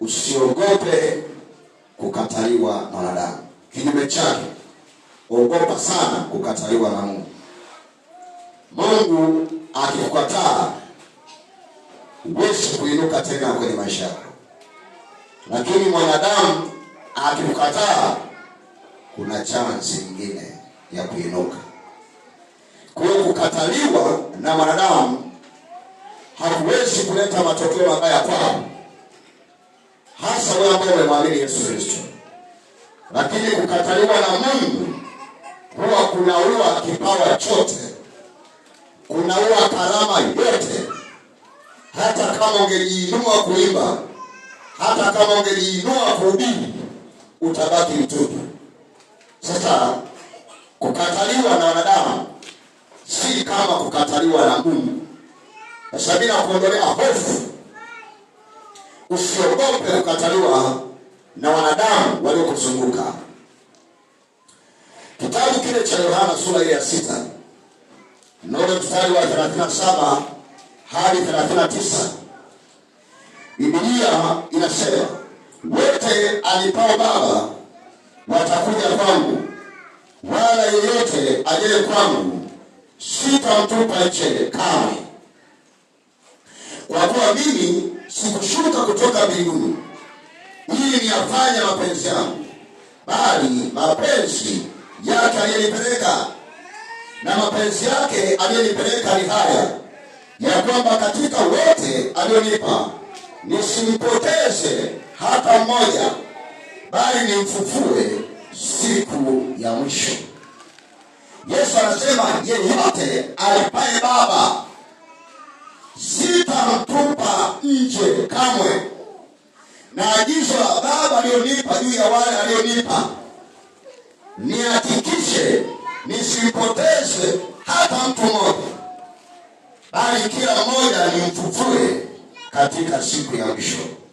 Usiogope kukataliwa na wanadamu, kinyume chake ogopa sana kukataliwa na Mungu. Mungu akikukataa huwezi kuinuka tena kwenye maisha yako, lakini mwanadamu akikukataa kuna chansi nyingine ya kuinuka. Kwa kukataliwa na mwanadamu hakuwezi kuleta matokeo mabaya kwao kuwatakasa wewe ambaye umemwamini Yesu Kristo. Lakini kukataliwa na Mungu huwa kunaua kipawa chote, kunaua karama yote. Hata kama ungejiinua kuimba, hata kama ungejiinua kuhubiri, utabaki mtupu. Sasa kukataliwa na wanadamu si kama kukataliwa na Mungu, Sasa bila kuondolea hofu usiogope kukataliwa na wanadamu waliokuzunguka. Kitabu kile cha Yohana sura ile ya sita naona mstari wa 37 hadi 39, Biblia inasema wote alipao Baba watakuja kwangu, wala yeyote ajee kwangu sitamtupa nje kamwe, kwa kuwa mimi sikushuka kutoka mbinguni ili niyafanya mapenzi yangu, bali mapenzi yake aliyenipeleka. Na mapenzi yake aliyenipeleka ni haya ya kwamba katika wote alionipa nisimpoteze hata mmoja, bali nimfufue siku ya mwisho. Yesu anasema yeyote alipaye Baba nje kamwe. na Naagiza Baba aliyonipa juu ya wale aliyonipa, nihakikishe nisipoteze hata mtu mmoja, bali kila mmoja nimfufue katika siku ya mwisho.